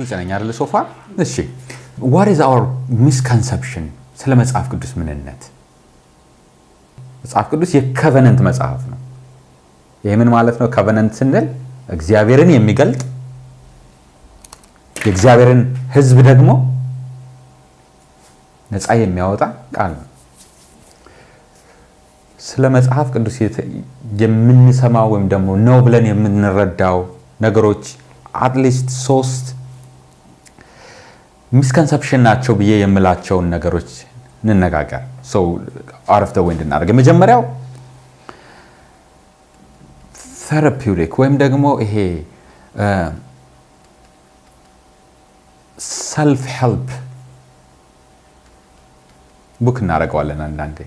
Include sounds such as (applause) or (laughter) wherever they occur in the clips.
ግልጽ ነኝ አይደል? ሶፋ እሺ። ዋት ኢዝ አወር ሚስኮንሰፕሽን ስለ መጽሐፍ ቅዱስ ምንነት? መጽሐፍ ቅዱስ የከቨነንት መጽሐፍ ነው። ይህ ምን ማለት ነው? ከቨነንት ስንል እግዚአብሔርን የሚገልጥ የእግዚአብሔርን ህዝብ ደግሞ ነፃ የሚያወጣ ቃል ነው። ስለ መጽሐፍ ቅዱስ የምንሰማው ወይም ደግሞ ነው ብለን የምንረዳው ነገሮች አትሊስት ሶስት ሚስከንሰፕሽን ናቸው ብዬ የምላቸውን ነገሮች እንነጋገር፣ ሰው አረፍተ ወይ እንድናደርግ የመጀመሪያው ቴራፒውቲክ ወይም ደግሞ ይሄ ሰልፍ ሄልፕ ቡክ እናደርገዋለን። አንዳንዴ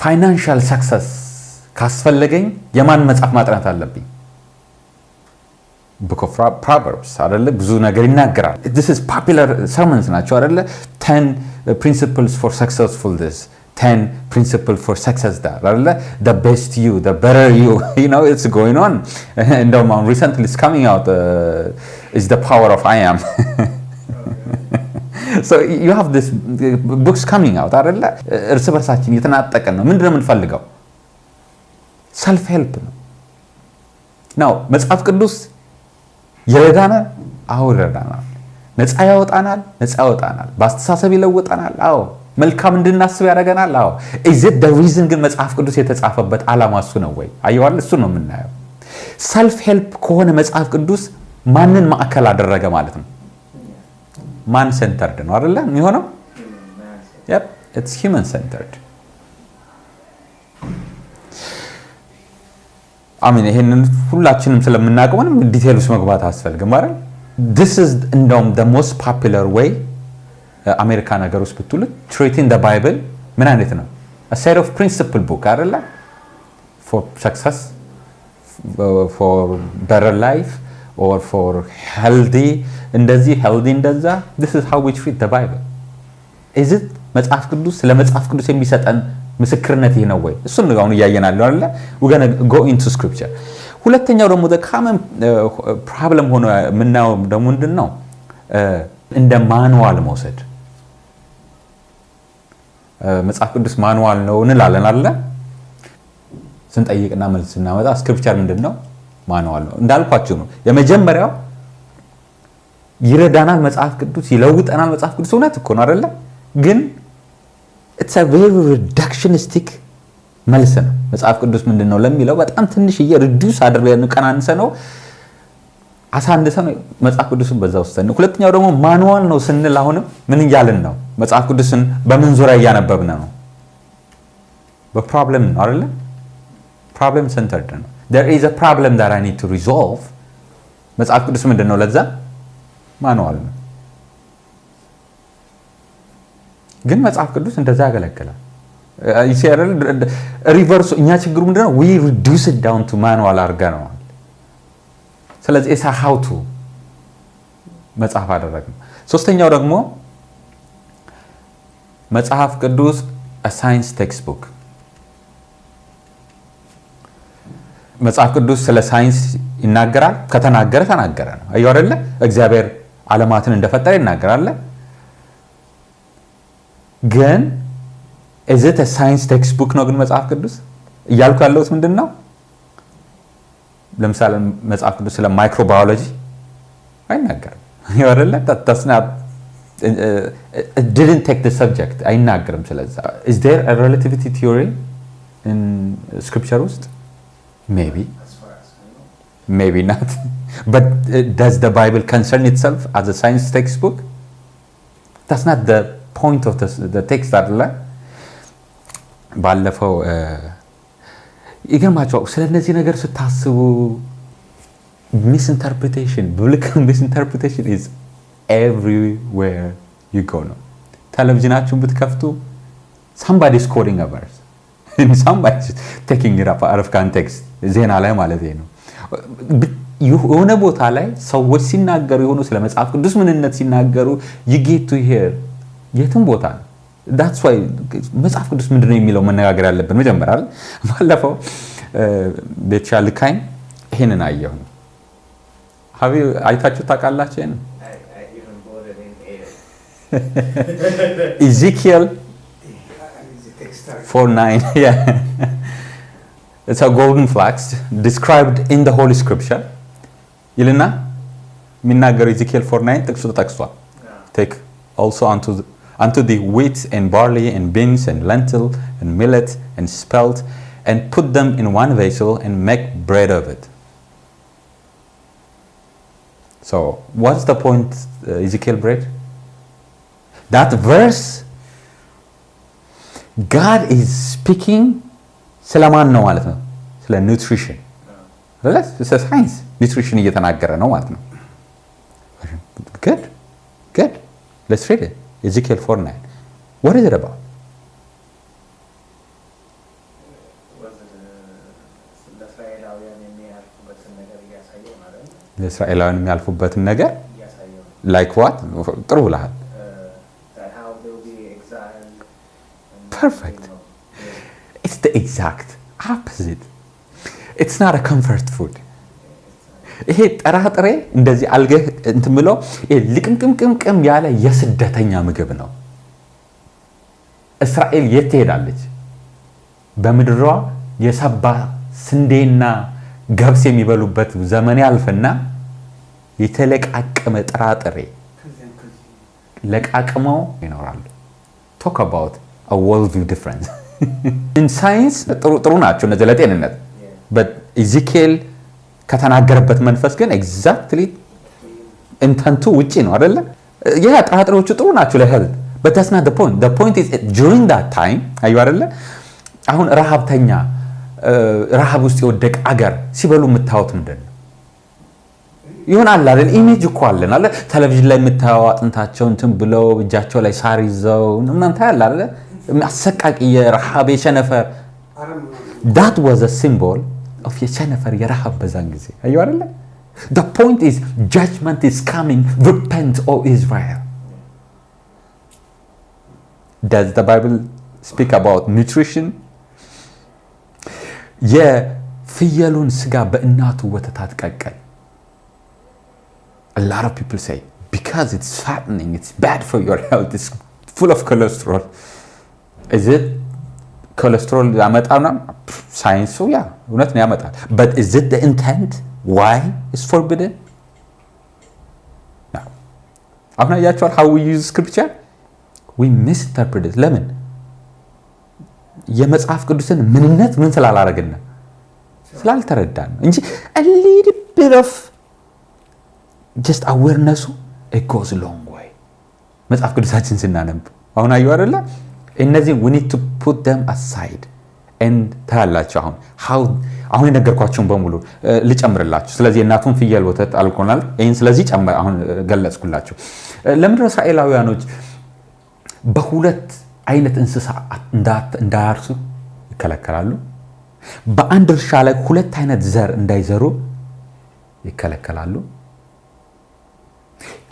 ፋይናንሻል ሰክሰስ ካስፈለገኝ የማን መጽሐፍ ማጥናት አለብኝ? ቡክ ኦፍ ፕሮቨርብስ አደለ ብዙ ነገር ይናገራል። ፖፑላር ሰርመንስ ናቸው አደለ ቴን ፕሪንሲፕልስ ፎር ሰክሰስፉል ስ ተን ፕሪንሲፕል ፎር ሰክሰስ ዳት አለ ቤስት ዩ በረር ዩ ነው ኢትስ ጎይንግ ኦን እንደውም አሁን ሪሰንትሊ ኢትስ ካሚንግ አውት ኢዝ ዘ ፓወር ኦፍ አይ አም ሶ ዩ ሃቭ ዲስ ቡክስ ካሚንግ አውት አይደለ እርስ በርሳችን እየተናጠቀን ነው ምንድን ነው የምንፈልገው ሰልፍ ሄልፕ ነው ናው መጽሐፍ ቅዱስ ይረዳናል። አዎ ይረዳናል። ነፃ ያወጣናል። ነፃ ያወጣናል። በአስተሳሰብ ይለውጠናል። አዎ መልካም እንድናስብ ያደርገናል። አዎ ኢዘት ደ ሪዝን ግን መጽሐፍ ቅዱስ የተጻፈበት ዓላማ እሱ ነው ወይ? አየዋል። እሱ ነው የምናየው። ሰልፍ ሄልፕ ከሆነ መጽሐፍ ቅዱስ ማንን ማዕከል አደረገ ማለት ነው? ማን ሴንተርድ ነው አይደለ የሚሆነው? ኢትስ ሂውመን ሴንተርድ አሚን ይሄንን ሁላችንም ስለምናውቅ ምንም ዲቴል ውስጥ መግባት አስፈልግም አይደል? ዲስ ኢዝ እንደውም ደ ሞስት ፖፑላር ዌይ አሜሪካ ነገር ውስጥ ብትሉ ትሪቲንግ ደ ባይብል ምን አይነት ነው? ሴት ኦፍ ፕሪንሲፕል ቡክ አይደለ? ፎር ሰክሰስ ፎር በተር ላይፍ ኦር ፎር ሄልዲ እንደዚህ ሄልዲ እንደዛ ዲስ ኢዝ ሃው ዊ ትሪት ደ ባይብል ኢዝ ኢት መጽሐፍ ቅዱስ ስለ መጽሐፍ ቅዱስ የሚሰጠን ምስክርነት ይህ ነው ወይ? እሱን ነው አሁን እያየናለሁ አለ ወገነ ጎ ኢንቱ ስክሪፕቸር። ሁለተኛው ደግሞ ካመን ፕሮብለም uh, ሆኖ የምናየው ደግሞ ምንድን ነው uh, እንደ ማንዋል መውሰድ uh, መጽሐፍ ቅዱስ ማንዋል ነው እንላለን አለ ስንጠይቅና መልስ ስናመጣ ስክሪፕቸር ምንድን ነው? ማንዋል ነው እንዳልኳችሁ ነው። የመጀመሪያው ይረዳናል መጽሐፍ ቅዱስ ይለውጠናል መጽሐፍ ቅዱስ እውነት እኮ ነው አይደለ? ግን ኢትስ አ ቬሪ ሪዳክሽኒስቲክ መልስ ነው። መጽሐፍ ቅዱስ ምንድን ነው ለሚለው በጣም ትንሽዬ ሪዲዩስ አድርገን ቀናንሰ ነው አሳንሰ ነው መጽሐፍ ቅዱስን በዛ ውስጥ ነው። ሁለተኛው ደግሞ ማኑዋል ነው ስንል አሁንም ምን እያልን ነው? መጽሐፍ ቅዱስን በምን ዙሪያ እያነበብን ነው? በፕሮብለም ነው አይደለ? ፕሮብለም ሴንተርድ ነው። there is a problem that I need to resolve መጽሐፍ ቅዱስ ምንድን ነው ለዛ ማኑዋል ነው። ግን መጽሐፍ ቅዱስ እንደዛ ያገለግላል። ሪቨርሱ እኛ ችግሩ ምንድነው? ዊ ሪዱስ ዳውን ቱ ማኑዋል አድርገነዋል። ስለዚህ ኢሳ ሀውቱ መጽሐፍ አደረግነው። ሶስተኛው ደግሞ መጽሐፍ ቅዱስ ሳይንስ ቴክስቡክ መጽሐፍ ቅዱስ ስለ ሳይንስ ይናገራል። ከተናገረ ተናገረ ነው። አዩ አይደለ? እግዚአብሔር አለማትን እንደፈጠረ ይናገራል። ግን እዝት ሳይንስ ቴክስቡክ ቡክ ነው ግን መጽሐፍ ቅዱስ እያልኩ ያለሁት ምንድን ነው? ለምሳሌ መጽሐፍ ቅዱስ ስለ ማይክሮባዮሎጂ አይናገርም። ይወርለ ቴክ ሰብጀክት አይናገርም። ስለዛ ኢዝ ዴር ሬላቲቪቲ ቲዮሪ ስክሪፕቸር ውስጥ ሜቢ ሜቢ ናት በት ዳዝ ዘ ባይብል ኮንሰርን ኢትሰልፍ አዝ ሳይንስ ቴክስት ቡክ ናት ፖይንት ኦፍ ቴክስት አይደለ? ባለፈው ይገርማቸው ስለነዚህ ነገር ስታስቡ ሚስ ኢንተርፕሬቴሽን ብልክ ኢዝ ኤቭሪዌር ዩ ጎ ነው። ቴሌቪዥናችሁን ብትከፍቱ ሳምባዲ ኢዝ ኮዲንግ ሳምባዲ ኢዝ ቴኪንግ አውት ኦፍ ኮንቴክስት ዜና ላይ ማለት ነው። የሆነ ቦታ ላይ ሰዎች ሲናገሩ የሆኑ ስለ መጽሐፍ ቅዱስ ምንነት ሲናገሩ ዩ ጌት ቱ ሄር የትም ቦታ ነው። ዳትስ ዋይ መጽሐፍ ቅዱስ ምንድነው የሚለው መነጋገር ያለብን መጀመሪያ። (laughs) ባለፈው ቤተሻ ልካኝ ይሄንን አየሁ ነው አይታችሁ ታውቃላችሁ? ይሄንን (laughs) ኢዚኪኤል ጎልደን ፍላክስ ዲስክራይብድ ኢን ሆሊ ስክሪፕቸር ይልና የሚናገረው ኢዚኪኤል ፎር ናይን ጥቅሱ ተጠቅሷል። ቴክ ኦልሶ አንቱ unto the wheat and barley and beans and lentil and millet and spelt, and put them in one vessel and make bread of it. So, what's the point, uh, Ezekiel bread? That verse, God is speaking ስለ ማን ነው ማለት science nutrition. ኒውትሪሽን ስለ ሳይንስ ኒውትሪሽን እየተናገረ ነው ማለት Let's read it. Ezekiel 4 9. What is it about? ለእስራኤላውያን የሚያልፉበትን ነገር ላይክ ዋት ጥሩ ብልሃል። ፐርፌክት ኢትስ ዘ ኤግዛክት አፖዚት ኢትስ ናት አ ኮምፈርት ፉድ ይሄ ጥራጥሬ እንደዚህ አልገህ እንትን ብለው ልቅምቅምቅምቅም ያለ የስደተኛ ምግብ ነው። እስራኤል የት ትሄዳለች? በምድሯ የሰባ ስንዴና ገብስ የሚበሉበት ዘመን ያልፍና የተለቃቀመ ጥራጥሬ ለቃቅመው ይኖራሉ። ቶክ አባውት አ ወርልድ ቪው ዲፍረንስ። ሳይንስ ጥሩ ናቸው እነዚህ ለጤንነት ኢዚኬል ከተናገረበት መንፈስ ግን ኤግዛክትሊ ኢንተንቱ ውጪ ነው አይደለ? ያ ጥራጥሬዎቹ ጥሩ ናቸው ለሄልት በተስና ፖይንት ፖይንት ጁሪንግ ዳት ታይም አዩ አይደለ? አሁን ረሃብተኛ ረሃብ ውስጥ የወደቀ አገር ሲበሉ የምታዩት ምንድን ነው? ይሆን አይደል? ኢሜጅ እኮ አለን አለ ቴሌቪዥን ላይ የምታየው አጥንታቸው እንትን ብለው እጃቸው ላይ ሳር ይዘው ምናምን ታያለህ አለ አሰቃቂ የረሃብ የሸነፈር ዳት ወዘ ሲምቦል of የቸነፈር የረሃብ በዛን ጊዜ አዩ አለ the point is judgment is coming repent o israel does the bible speak about nutrition የፍየሉን ስጋ በእናቱ ወተት አትቀቀል a lot of people say because it's fattening it's bad for your health it's full of cholesterol is it ኮሌስትሮል ያመጣና ሳይንሱ ያ እውነት ነው ያመጣል። በት ኢዝ ኢት ኢንቴንት ዋይ ኢዝ ፎርቢደን። አሁን አያቸዋል ሀው ዩዝ ስክሪፕቸር ዊ ሚስ ኢንተርፕሬት ለምን የመጽሐፍ ቅዱስን ምንነት ምን ስላላረግን ስላልተረዳን ነው እንጂ ሊድ ቢት ኦፍ ጀስት አዌርነሱ ኢት ጎዝ ሎንግ ወይ መጽሐፍ ቅዱሳችን ስናነብ አሁን አየሁ አይደለ እነዚህ ዊ ኒድ ቱ ፑት ደም አሳይድ ታያላችሁ። አሁን አሁን የነገርኳቸውን በሙሉ ልጨምርላችሁ። ስለዚህ እናቱን ፍየል ወተት አልኮናል። ይህን ስለዚህ አሁን ገለጽኩላችሁ። ለምድረ እስራኤላውያኖች በሁለት አይነት እንስሳ እንዳያርሱ ይከለከላሉ? በአንድ እርሻ ላይ ሁለት አይነት ዘር እንዳይዘሩ ይከለከላሉ።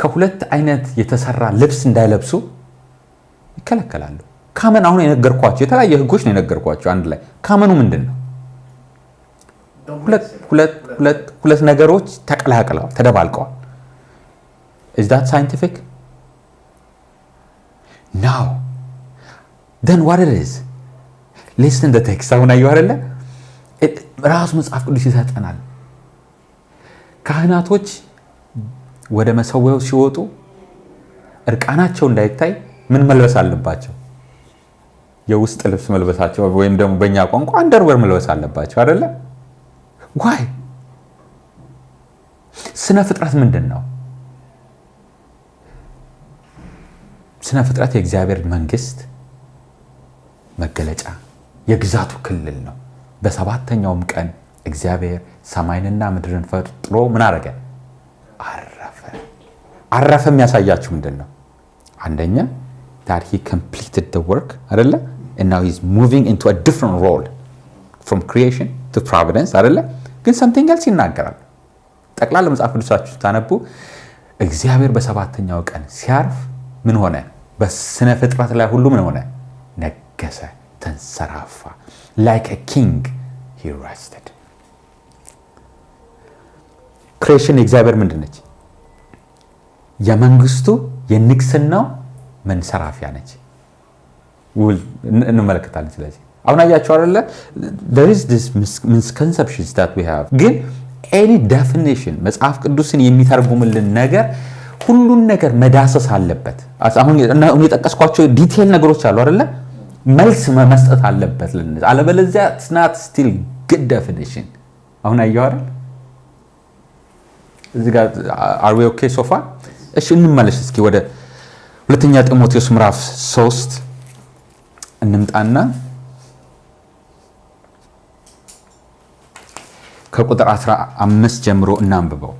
ከሁለት አይነት የተሰራ ልብስ እንዳይለብሱ ይከለከላሉ። ካመን አሁን የነገርኳቸው የተለያየ ህጎች ነው የነገርኳቸው። አንድ ላይ ካመኑ ምንድን ነው? ሁለት ነገሮች ተቀላቅለዋል፣ ተደባልቀዋል። ኢዝ ዳት ሳይንቲፊክ ናው ደን ዋት ኢት ኢዝ ሌስን ደ ቴክስት አሁን አየሁ አይደለ? ራሱ መጽሐፍ ቅዱስ ይሰጠናል። ካህናቶች ወደ መሰዊያው ሲወጡ እርቃናቸው እንዳይታይ ምን መልበስ አለባቸው? የውስጥ ልብስ መልበሳቸው ወይም ደግሞ በእኛ ቋንቋ አንደርወር መልበስ አለባቸው አደለ? ዋይ ስነ ፍጥረት ምንድን ነው? ስነ ፍጥረት የእግዚአብሔር መንግስት መገለጫ የግዛቱ ክልል ነው። በሰባተኛውም ቀን እግዚአብሔር ሰማይንና ምድርን ፈጥሮ ምን አረገ? አረፈ። አረፈ የሚያሳያችሁ ምንድን ነው? አንደኛ ዳት ሂ ኮምፕሊትድ ወርክ አደለ? እና ሂዝ ሙቪንግ ኢንቱ አ ዲፍረንት ሮል ፍሮም ክሪኤሽን ቱ ፕሮቪደንስ አይደለ? ግን ሰምቲንግ ኤልስ ይናገራል። ጠቅላላ መጽሐፍ ቅዱሳችሁ ታነቡ። እግዚአብሔር በሰባተኛው ቀን ሲያርፍ ምን ሆነ? በስነ ፍጥረት ላይ ሁሉ ምን ሆነ? ነገሰ፣ ተንሰራፋ። ላይክ አ ኪንግ ሂ ሬስትድ። ክሬሽን የእግዚአብሔር ምንድን ነች? የመንግስቱ የንግስናው መንሰራፊያ ነች። ውል እንመለከታለን። ስለዚህ አሁን አያቸው አለ ሚስኮንሰፕሽን ግን ኤኒ ዴፊኒሽን መጽሐፍ ቅዱስን የሚተርጉምልን ነገር ሁሉን ነገር መዳሰስ አለበት። አሁን የጠቀስኳቸው ዲቴል ነገሮች አሉ አይደለ? መልስ መስጠት አለበት። አለበለዚያ ስናት ስቲል ግድ ዴፊኒሽን አሁን አየሁ አይደል? እዚህ ጋር አር ኦኬ ሶፋ። እሺ እንመለስ እስኪ ወደ ሁለተኛ ጢሞቴዎስ ምዕራፍ 3 እንምጣና ከቁጥር 15 ጀምሮ እናንብበው።